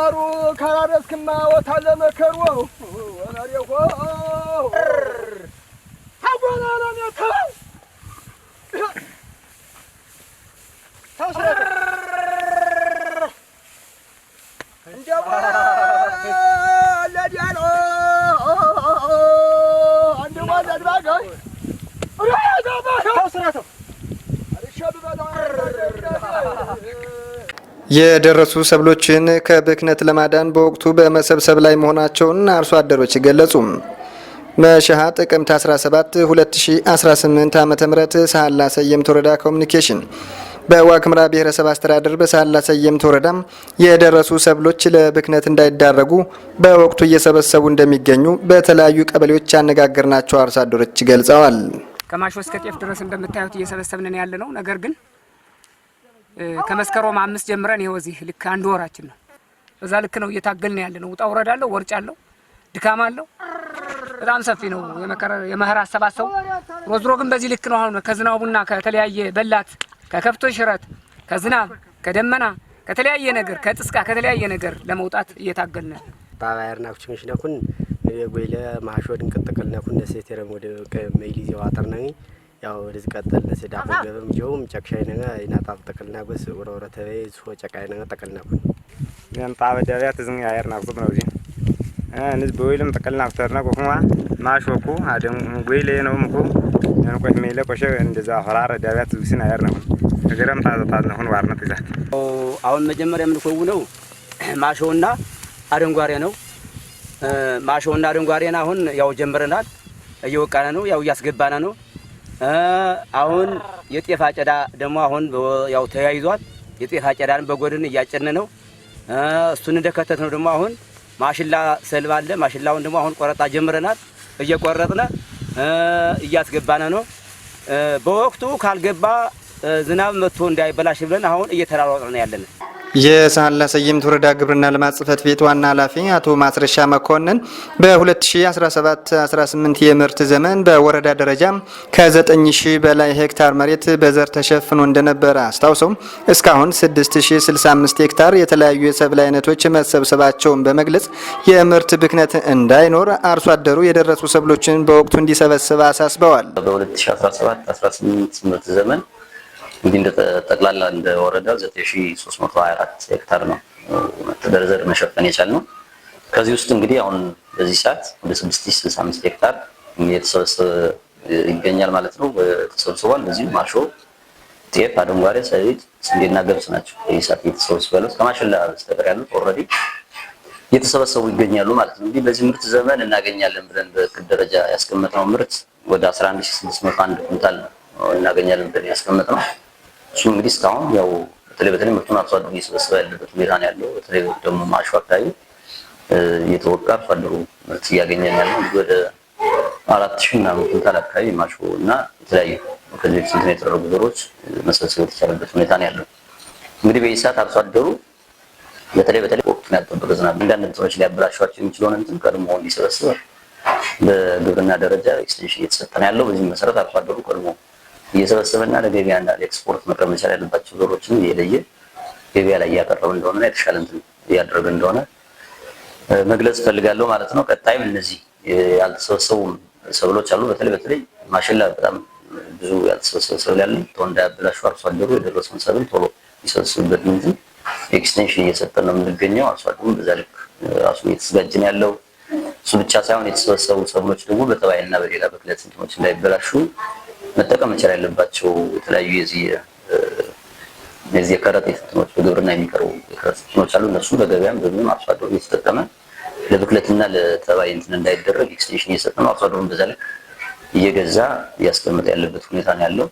ከናሩ ካላረስክማ ወታለ መከሩ ወናሪሆ ታጎናለሜተ ተውስ እንጀቦ ለዲያሎ አንድ ዋ ዘድባገ ተውስራተው የደረሱ ሰብሎችን ከብክነት ለማዳን በወቅቱ በመሰብሰብ ላይ መሆናቸውን አርሶ አደሮች ገለጹ። መሸሃ ጥቅምት 17 2018 ዓ ም ሳህላ ሰየምት ወረዳ ኮሚኒኬሽን በዋግኽምራ ብሔረሰብ አስተዳደር በሳህላ ሰየምት ወረዳ የደረሱ ሰብሎች ለብክነት እንዳይዳረጉ በወቅቱ እየሰበሰቡ እንደሚገኙ በተለያዩ ቀበሌዎች ያነጋገርናቸው አርሶ አደሮች ገልጸዋል። ከማሾ እስከ ጤፍ ድረስ እንደምታዩት እየሰበሰብንን ያለ ነው። ነገር ግን ከመስከረም አምስት ጀምረን ይኸው እዚህ ልክ አንድ ወራችን ነው። በዛ ልክ ነው እየታገልን ያለ ነው። ውጣ ውረድ አለው፣ ወርጫ አለው፣ ድካም አለው። በጣም ሰፊ ነው የመኸር አሰባሰቡ። ሮዝሮ ግን በዚህ ልክ ነው። አሁን ከዝናቡና ከተለያየ በላት ከከብቶች ሽረት ከዝናብ ከደመና ከተለያየ ነገር ከጥስቃ ከተለያየ ነገር ለመውጣት እየታገልን ባባየር ናኩችምሽ ነኩን ጎይለ ማሾድ እንቅጥቅል ነኩን ደሴት ረሞደ ከመይሊዝ ዋተር ነኝ ያው እዚ ቀጠል ለሴዳ ገበም ጀውም ጨክሻይ ነጋ ይናጣብ ተከልና ጎስ ወረ ወረ ተበይ ሶ ጨቃይ ነጋ ተከልና ጎ ያን ጣበ ደሪያ ተዝን ያየር ናቅጽብ ነው ጂ እንዝ በወይልም ተከልና ፍተር ነው ኮኩማ ማሾኩ አደም ወይለ ነው ምኩ ያን ቆት ሜለ ቆሸ እንደዛ ሆራረ ደሪያ ተዝን ያየር ነው ነገረም ታዘታዝ ነው ሁን ዋርነት ይዛት አሁን መጀመሪያ የምንኮው ነው ማሾና አደንጓሬ ነው ማሾና አደንጓሬና አሁን ያው ጀምረናል እየወቃነ ነው ያው እያስገባነ ነው አሁን የጤፍ አጨዳ ደግሞ አሁን ያው ተያይዟል። የጤፍ አጨዳን በጎድን እያጨነ ነው። እሱን እንደከተት ነው ደግሞ አሁን ማሽላ ሰልባ አለ። ማሽላውን ደግሞ አሁን ቆረጣ ጀምረናል። እየቆረጥነ እያስገባነ ነው። በወቅቱ ካልገባ ዝናብ መጥቶ እንዳይበላሽ ብለን አሁን እየተራሯጥነ ያለን። የሳህላ ሰይምት ወረዳ ግብርና ልማት ጽህፈት ቤት ዋና ኃላፊ አቶ ማስረሻ መኮንን በ2017-18 የምርት ዘመን በወረዳ ደረጃ ከ9000 በላይ ሄክታር መሬት በዘር ተሸፍኖ እንደነበረ አስታውሰው እስካሁን 6065 ሄክታር የተለያዩ የሰብል አይነቶች መሰብሰባቸውን በመግለጽ የምርት ብክነት እንዳይኖር አርሶ አደሩ የደረሱ ሰብሎችን በወቅቱ እንዲሰበስብ አሳስበዋል። በ2017-18 ምርት ዘመን እንግዲህ እንደ ጠቅላላ እንደ ወረዳ 9324 ሄክታር ነው ተዘርዘር መሸፈን የቻልነው። ከዚህ ውስጥ እንግዲህ አሁን በዚህ ሰዓት ወደ 6065 ሄክታር የተሰበሰበ ይገኛል ማለት ነው። ተሰብስቧል። እዚህ ማሾ፣ ጤፍ፣ አደንጓሬ፣ ሰሊጥ፣ ስንዴና ገብስ ናቸው በዚህ ሰዓት እየተሰበሰቡ ያሉት። ከማሽላ በስተቀር ያሉት ኦልሬዲ እየተሰበሰቡ ይገኛሉ ማለት ነው። እንግዲህ በዚህ ምርት ዘመን እናገኛለን ብለን በእቅድ ደረጃ ያስቀመጥነው ምርት ወደ 11601 ኩንታል ነው እናገኛለን ብለን ያስቀመጥነው። እሱ እንግዲህ እስካሁን ያው በተለይ በተለይ ምርቱን አርሶ አደሩ እየሰበሰበ ያለበት ሁኔታ ነው ያለው። በተለይ ደግሞ ማሾ አካባቢ የተወቃ አርሶ አደሩ ምርት እያገኘ ወደ አራት ሺህ ምናምን ኩንታል አካባቢ እና የተለያዩ ከዚህ በፊት እንትን የተደረጉ ዘሮች መሰብሰብ የተቻለበት ሁኔታ ነው ያለው። እንግዲህ በዚህ ሰዓት አርሶ አደሩ በተለይ በተለይ ወቅቱን ያልጠበቀ ዝናብ አንዳንድ እንትኖች ሊያበላሿቸው የሚችለውን እንትን ቀድሞ እንዲሰበስብ በግብርና ደረጃ ኤክስቴንሽን እየተሰጠ ነው ያለው። በዚህም መሰረት አርሶ አደሩ ቀድሞ እየሰበሰበና ለገበያና ለኤክስፖርት መቅረብ መቻል ያለባቸው ዘሮችን እየለየ ገበያ ላይ እያቀረበ እንደሆነና የተሻለ እንትን እያደረገ እንደሆነ መግለጽ ፈልጋለሁ ማለት ነው። ቀጣይም እነዚህ ያልተሰበሰቡም ሰብሎች አሉ። በተለይ በተለይ ማሽላ በጣም ብዙ ያልተሰበሰበ ሰብል ያለ ቶ እንዳያበላሹ አርሶ አደሩ የደረሰውን ሰብል ቶሎ ይሰበስብበት እንትን ኤክስቴንሽን እየሰጠን ነው የምንገኘው። አርሶ አደሩም በዛ ልክ ራሱ እየተዘጋጀ ነው ያለው። እሱ ብቻ ሳይሆን የተሰበሰቡ ሰብሎች ደግሞ በተባይና በሌላ በክለት እንትኖች እንዳይበላሹ መጠቀም መቻል ያለባቸው የተለያዩ የዚህ እነዚህ የከረጢት እንትኖች በግብርና የሚቀርቡ የከረጢት እንትኖች አሉ። እነሱ በገበያም በምንም አርሶ አደሩ እየተጠቀመ ለብክለትና ለተባይ እንትን እንዳይደረግ ኤክስቴንሽን እየሰጠ ነው። አርሶ አደሩን በዛ ላይ እየገዛ እያስቀመጠ ያለበት ሁኔታ ነው ያለው።